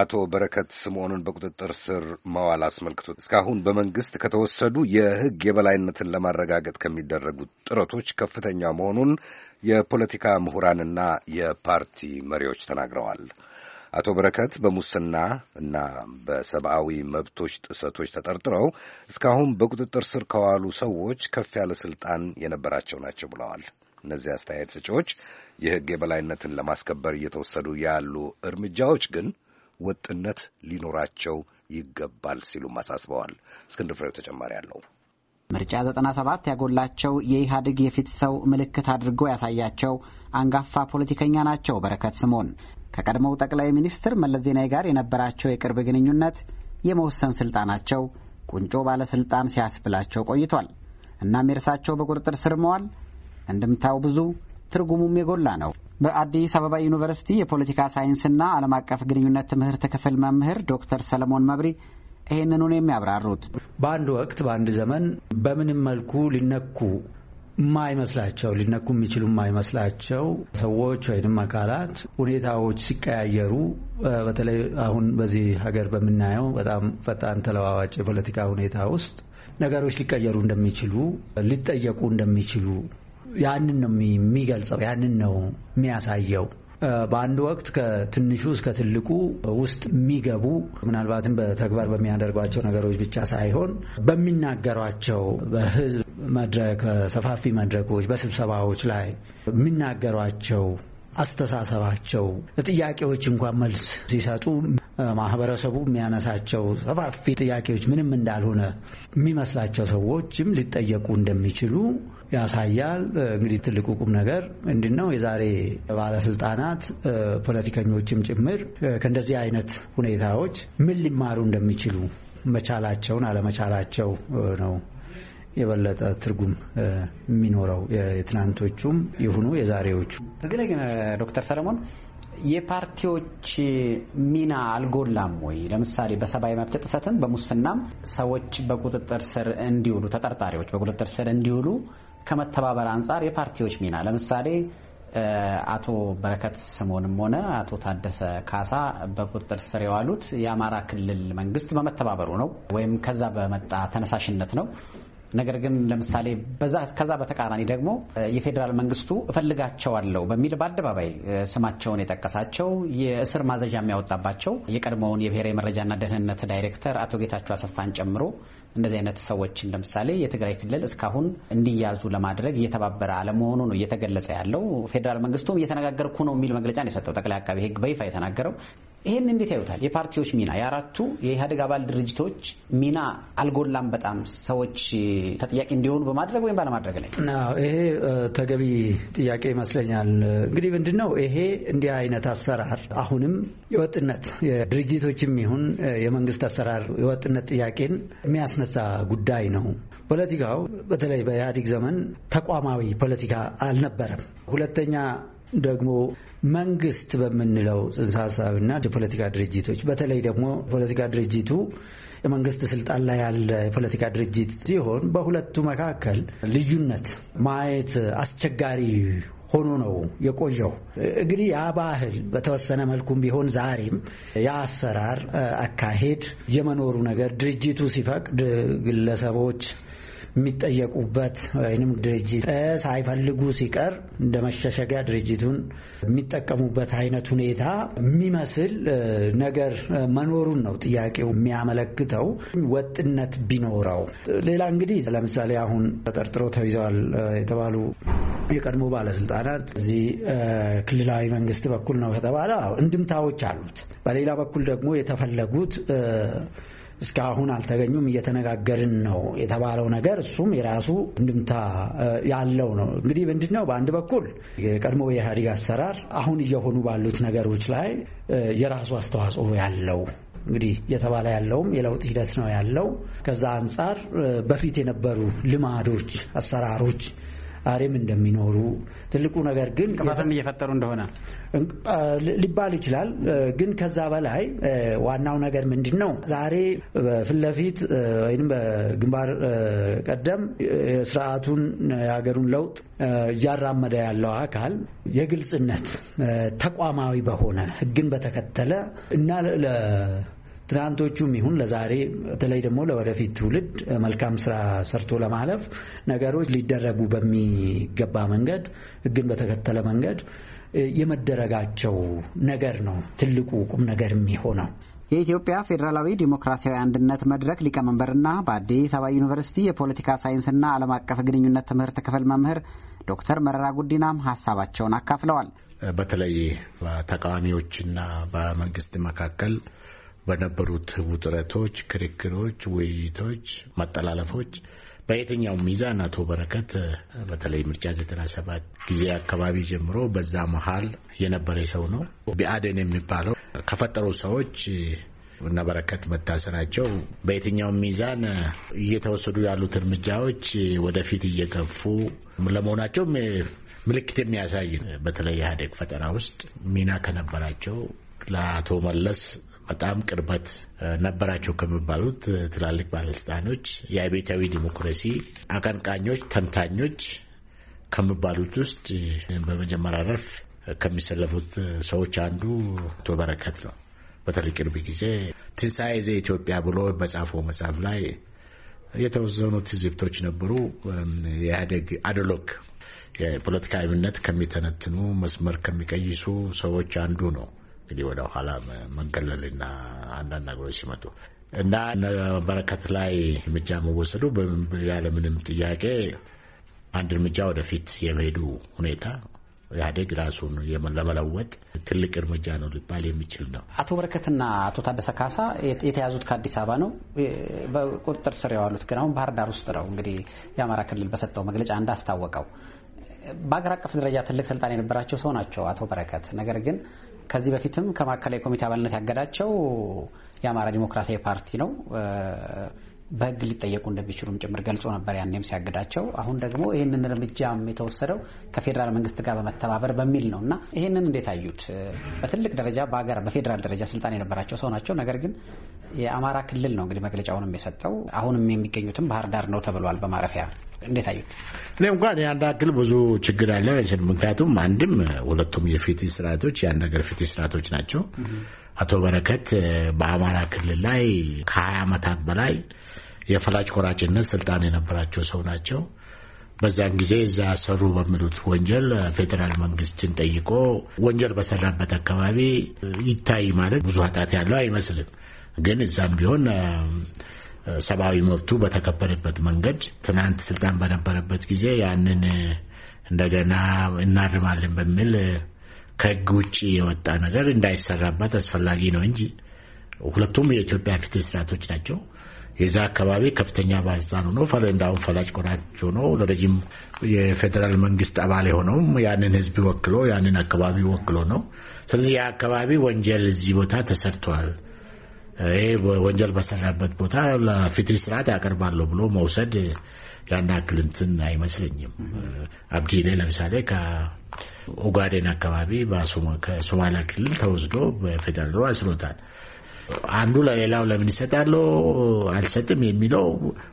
አቶ በረከት ስምዖንን በቁጥጥር ስር መዋል አስመልክቶ እስካሁን በመንግስት ከተወሰዱ የህግ የበላይነትን ለማረጋገጥ ከሚደረጉ ጥረቶች ከፍተኛ መሆኑን የፖለቲካ ምሁራንና የፓርቲ መሪዎች ተናግረዋል። አቶ በረከት በሙስና እና በሰብአዊ መብቶች ጥሰቶች ተጠርጥረው እስካሁን በቁጥጥር ስር ከዋሉ ሰዎች ከፍ ያለ ስልጣን የነበራቸው ናቸው ብለዋል። እነዚህ አስተያየት ሰጪዎች የህግ የበላይነትን ለማስከበር እየተወሰዱ ያሉ እርምጃዎች ግን ወጥነት ሊኖራቸው ይገባል ሲሉም አሳስበዋል። እስክንድር ፍሬው ተጨማሪ አለው። ምርጫ 97 ያጎላቸው የኢህአዴግ የፊት ሰው ምልክት አድርጎ ያሳያቸው አንጋፋ ፖለቲከኛ ናቸው በረከት ስምኦን። ከቀድሞው ጠቅላይ ሚኒስትር መለስ ዜናዊ ጋር የነበራቸው የቅርብ ግንኙነት የመወሰን ስልጣናቸው ቁንጮ ባለስልጣን ሲያስብላቸው ቆይቷል። እናም የእርሳቸው በቁጥጥር ስር መዋል እንድምታው ብዙ ትርጉሙም የጎላ ነው። በአዲስ አበባ ዩኒቨርሲቲ የፖለቲካ ሳይንስና ዓለም አቀፍ ግንኙነት ትምህርት ክፍል መምህር ዶክተር ሰለሞን መብሪ ይህንኑን የሚያብራሩት በአንድ ወቅት በአንድ ዘመን በምንም መልኩ ሊነኩ ማይመስላቸው ሊነኩ የሚችሉ ማይመስላቸው ሰዎች ወይም አካላት ሁኔታዎች ሲቀያየሩ በተለይ አሁን በዚህ ሀገር በምናየው በጣም ፈጣን ተለዋዋጭ የፖለቲካ ሁኔታ ውስጥ ነገሮች ሊቀየሩ እንደሚችሉ ሊጠየቁ እንደሚችሉ ያንን ነው የሚገልጸው፣ ያንን ነው የሚያሳየው። በአንድ ወቅት ከትንሹ እስከ ትልቁ ውስጥ የሚገቡ ምናልባትም በተግባር በሚያደርጓቸው ነገሮች ብቻ ሳይሆን በሚናገሯቸው በህዝብ መድረክ፣ በሰፋፊ መድረኮች፣ በስብሰባዎች ላይ የሚናገሯቸው አስተሳሰባቸው ጥያቄዎች እንኳን መልስ ሲሰጡ ማህበረሰቡ የሚያነሳቸው ሰፋፊ ጥያቄዎች ምንም እንዳልሆነ የሚመስላቸው ሰዎችም ሊጠየቁ እንደሚችሉ ያሳያል። እንግዲህ ትልቁ ቁም ነገር ምንድን ነው? የዛሬ ባለስልጣናት ፖለቲከኞችም ጭምር ከእንደዚህ አይነት ሁኔታዎች ምን ሊማሩ እንደሚችሉ መቻላቸውን አለመቻላቸው ነው። የበለጠ ትርጉም የሚኖረው የትናንቶቹም ይሁኑ የዛሬዎቹ። እዚህ ላይ ግን ዶክተር ሰለሞን የፓርቲዎች ሚና አልጎላም ወይ? ለምሳሌ በሰብአዊ መብት ጥሰትም በሙስናም ሰዎች በቁጥጥር ስር እንዲውሉ ተጠርጣሪዎች በቁጥጥር ስር እንዲውሉ ከመተባበር አንጻር የፓርቲዎች ሚና ለምሳሌ አቶ በረከት ስምኦንም ሆነ አቶ ታደሰ ካሳ በቁጥጥር ስር የዋሉት የአማራ ክልል መንግስት በመተባበሩ ነው ወይም ከዛ በመጣ ተነሳሽነት ነው። ነገር ግን ለምሳሌ ከዛ በተቃራኒ ደግሞ የፌዴራል መንግስቱ እፈልጋቸዋለሁ በሚል በአደባባይ ስማቸውን የጠቀሳቸው የእስር ማዘዣ የሚያወጣባቸው የቀድሞውን የብሔራዊ መረጃና ደህንነት ዳይሬክተር አቶ ጌታቸው አሰፋን ጨምሮ እንደዚህ አይነት ሰዎችን ለምሳሌ የትግራይ ክልል እስካሁን እንዲያዙ ለማድረግ እየተባበረ አለመሆኑ ነው እየተገለጸ ያለው። ፌዴራል መንግስቱም እየተነጋገርኩ ነው የሚል መግለጫ ነው የሰጠው ጠቅላይ አቃቤ ሕግ በይፋ የተናገረው። ይህን እንዴት ያዩታል? የፓርቲዎች ሚና የአራቱ የኢህአዴግ አባል ድርጅቶች ሚና አልጎላም፣ በጣም ሰዎች ተጠያቂ እንዲሆኑ በማድረግ ወይም ባለማድረግ ላይ። ይሄ ተገቢ ጥያቄ ይመስለኛል። እንግዲህ ምንድን ነው ይሄ እንዲህ አይነት አሰራር አሁንም የወጥነት የድርጅቶችም ይሁን የመንግስት አሰራር የወጥነት ጥያቄን የሚያስነሳ ጉዳይ ነው። ፖለቲካው በተለይ በኢህአዴግ ዘመን ተቋማዊ ፖለቲካ አልነበረም። ሁለተኛ ደግሞ መንግስት በምንለው ጽንሰ ሀሳብና የፖለቲካ ድርጅቶች በተለይ ደግሞ የፖለቲካ ድርጅቱ የመንግስት ስልጣን ላይ ያለ የፖለቲካ ድርጅት ሲሆን በሁለቱ መካከል ልዩነት ማየት አስቸጋሪ ሆኖ ነው የቆየው። እንግዲህ ያ ባህል በተወሰነ መልኩም ቢሆን ዛሬም የአሰራር አሰራር አካሄድ የመኖሩ ነገር ድርጅቱ ሲፈቅድ ግለሰቦች የሚጠየቁበት ወይም ድርጅት ሳይፈልጉ ሲቀር እንደ መሸሸጊያ ድርጅቱን የሚጠቀሙበት አይነት ሁኔታ የሚመስል ነገር መኖሩን ነው ጥያቄው የሚያመለክተው። ወጥነት ቢኖረው ሌላ እንግዲህ ለምሳሌ አሁን ተጠርጥሮ ተይዘዋል የተባሉ የቀድሞ ባለስልጣናት እዚህ ክልላዊ መንግስት በኩል ነው ከተባለ እንድምታዎች አሉት። በሌላ በኩል ደግሞ የተፈለጉት እስካሁን አልተገኙም፣ እየተነጋገርን ነው የተባለው ነገር እሱም የራሱ እንድምታ ያለው ነው። እንግዲህ ምንድን ነው በአንድ በኩል የቀድሞ የኢህአዴግ አሰራር አሁን እየሆኑ ባሉት ነገሮች ላይ የራሱ አስተዋጽኦ ያለው እንግዲህ እየተባለ ያለውም የለውጥ ሂደት ነው ያለው። ከዛ አንጻር በፊት የነበሩ ልማዶች፣ አሰራሮች አሬም እንደሚኖሩ ትልቁ ነገር ግን ቅፋትም እየፈጠሩ እንደሆነ ሊባል ይችላል። ግን ከዛ በላይ ዋናው ነገር ምንድን ነው? ዛሬ ፊት ለፊት ወይም በግንባር ቀደም ስርዓቱን የሀገሩን ለውጥ እያራመደ ያለው አካል የግልጽነት ተቋማዊ በሆነ ህግን በተከተለ እና ትናንቶቹም ይሁን ለዛሬ በተለይ ደግሞ ለወደፊት ትውልድ መልካም ስራ ሰርቶ ለማለፍ ነገሮች ሊደረጉ በሚገባ መንገድ ህግን በተከተለ መንገድ የመደረጋቸው ነገር ነው ትልቁ ቁም ነገር የሚሆነው። የኢትዮጵያ ፌዴራላዊ ዴሞክራሲያዊ አንድነት መድረክ ሊቀመንበርና በአዲስ አበባ ዩኒቨርሲቲ የፖለቲካ ሳይንስና ዓለም አቀፍ ግንኙነት ትምህርት ክፍል መምህር ዶክተር መረራ ጉዲናም ሀሳባቸውን አካፍለዋል። በተለይ በተቃዋሚዎችና በመንግስት መካከል በነበሩት ውጥረቶች፣ ክርክሮች፣ ውይይቶች፣ መጠላለፎች በየትኛው ሚዛን አቶ በረከት በተለይ ምርጫ 97 ጊዜ አካባቢ ጀምሮ በዛ መሀል የነበረ ሰው ነው። ቢአደን የሚባለው ከፈጠሩ ሰዎች እነ በረከት መታሰራቸው በየትኛው ሚዛን እየተወሰዱ ያሉት እርምጃዎች ወደፊት እየገፉ ለመሆናቸው ምልክት የሚያሳይ በተለይ ኢህአዴግ ፈጠራ ውስጥ ሚና ከነበራቸው ለአቶ መለስ በጣም ቅርበት ነበራቸው ከሚባሉት ትላልቅ ባለስልጣኖች የአብዮታዊ ዲሞክራሲ አቀንቃኞች፣ ተንታኞች ከሚባሉት ውስጥ በመጀመሪያ ረፍ ከሚሰለፉት ሰዎች አንዱ አቶ በረከት ነው። በተለይ ቅርብ ጊዜ ትንሣኤ ዘኢትዮጵያ ብሎ በጻፈው መጽሐፍ ላይ የተወሰኑ ትዝብቶች ነበሩ። የኢህአዴግ አደሎክ የፖለቲካዊነት ከሚተነትኑ መስመር ከሚቀይሱ ሰዎች አንዱ ነው። እንግዲህ ወደ ኋላ መገለልና አንዳንድ ነገሮች ሲመጡ እና በረከት ላይ እርምጃ መወሰዱ ያለምንም ጥያቄ አንድ እርምጃ ወደፊት የመሄዱ ሁኔታ ኢህአዴግ ራሱን ለመለወጥ ትልቅ እርምጃ ነው ሊባል የሚችል ነው። አቶ በረከትና አቶ ታደሰ ካሳ የተያዙት ከአዲስ አበባ ነው። በቁጥጥር ስር የዋሉት ግን አሁን ባህር ዳር ውስጥ ነው። እንግዲህ የአማራ ክልል በሰጠው መግለጫ እንዳስታወቀው በአገር አቀፍ ደረጃ ትልቅ ስልጣን የነበራቸው ሰው ናቸው አቶ በረከት። ነገር ግን ከዚህ በፊትም ከማዕከላዊ ኮሚቴ አባልነት ያገዳቸው የአማራ ዲሞክራሲያዊ ፓርቲ ነው። በህግ ሊጠየቁ እንደሚችሉም ጭምር ገልጾ ነበር ያኔም ሲያግዳቸው። አሁን ደግሞ ይህንን እርምጃም የተወሰደው ከፌዴራል መንግስት ጋር በመተባበር በሚል ነው እና ይህንን እንዴት አዩት? በትልቅ ደረጃ በሀገር በፌዴራል ደረጃ ስልጣን የነበራቸው ሰው ናቸው። ነገር ግን የአማራ ክልል ነው እንግዲህ መግለጫውንም የሰጠው አሁንም የሚገኙትም ባህር ዳር ነው ተብሏል በማረፊያ እንዴት አዩት? እኔ እንኳን ያን ያክል ብዙ ችግር አለ አይችልም። ምክንያቱም አንድም ሁለቱም የፍትህ ስርዓቶች የአንድ ሀገር ፍትህ ስርዓቶች ናቸው። አቶ በረከት በአማራ ክልል ላይ ከሀያ ዓመታት በላይ የፈላጭ ቆራጭነት ስልጣን የነበራቸው ሰው ናቸው። በዛን ጊዜ እዛ ሰሩ በሚሉት ወንጀል ፌዴራል መንግስትን ጠይቆ ወንጀል በሰራበት አካባቢ ይታይ ማለት ብዙ ኃጢአት ያለው አይመስልም። ግን እዛም ቢሆን ሰብአዊ መብቱ በተከበረበት መንገድ ትናንት ስልጣን በነበረበት ጊዜ ያንን እንደገና እናርማለን በሚል ከህግ ውጭ የወጣ ነገር እንዳይሰራባት አስፈላጊ ነው እንጂ ሁለቱም የኢትዮጵያ ፍትህ ስርዓቶች ናቸው። የዛ አካባቢ ከፍተኛ ባለስልጣን ሆኖ እንዳሁን ፈላጭ ቆራጭ ሆኖ ለረጅም የፌዴራል መንግስት አባል የሆነውም ያንን ህዝብ ወክሎ ያንን አካባቢ ወክሎ ነው። ስለዚህ የአካባቢ ወንጀል እዚህ ቦታ ተሰርተዋል ወንጀል በሰራበት ቦታ ለፍትህ ስርዓት ያቀርባለሁ ብሎ መውሰድ ያን ያክል እንትን አይመስለኝም። አብዲሌ ለምሳሌ ከኦጋዴን አካባቢ ከሶማሊያ ክልል ተወስዶ በፌደራሉ አስሮታል። አንዱ ለሌላው ለምን ይሰጣለው አልሰጥም የሚለው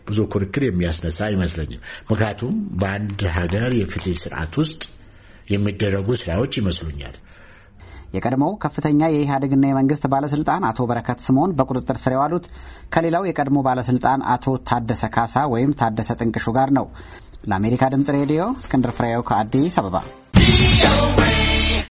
ብዙ ክርክር የሚያስነሳ አይመስለኝም። ምክንያቱም በአንድ ሀገር የፍትህ ስርዓት ውስጥ የሚደረጉ ስራዎች ይመስሉኛል። የቀድሞው ከፍተኛ የኢህአዴግና የመንግስት ባለስልጣን አቶ በረከት ስምኦን በቁጥጥር ስር የዋሉት ከሌላው የቀድሞ ባለስልጣን አቶ ታደሰ ካሳ ወይም ታደሰ ጥንቅሹ ጋር ነው። ለአሜሪካ ድምጽ ሬዲዮ እስክንድር ፍሬው ከአዲስ አበባ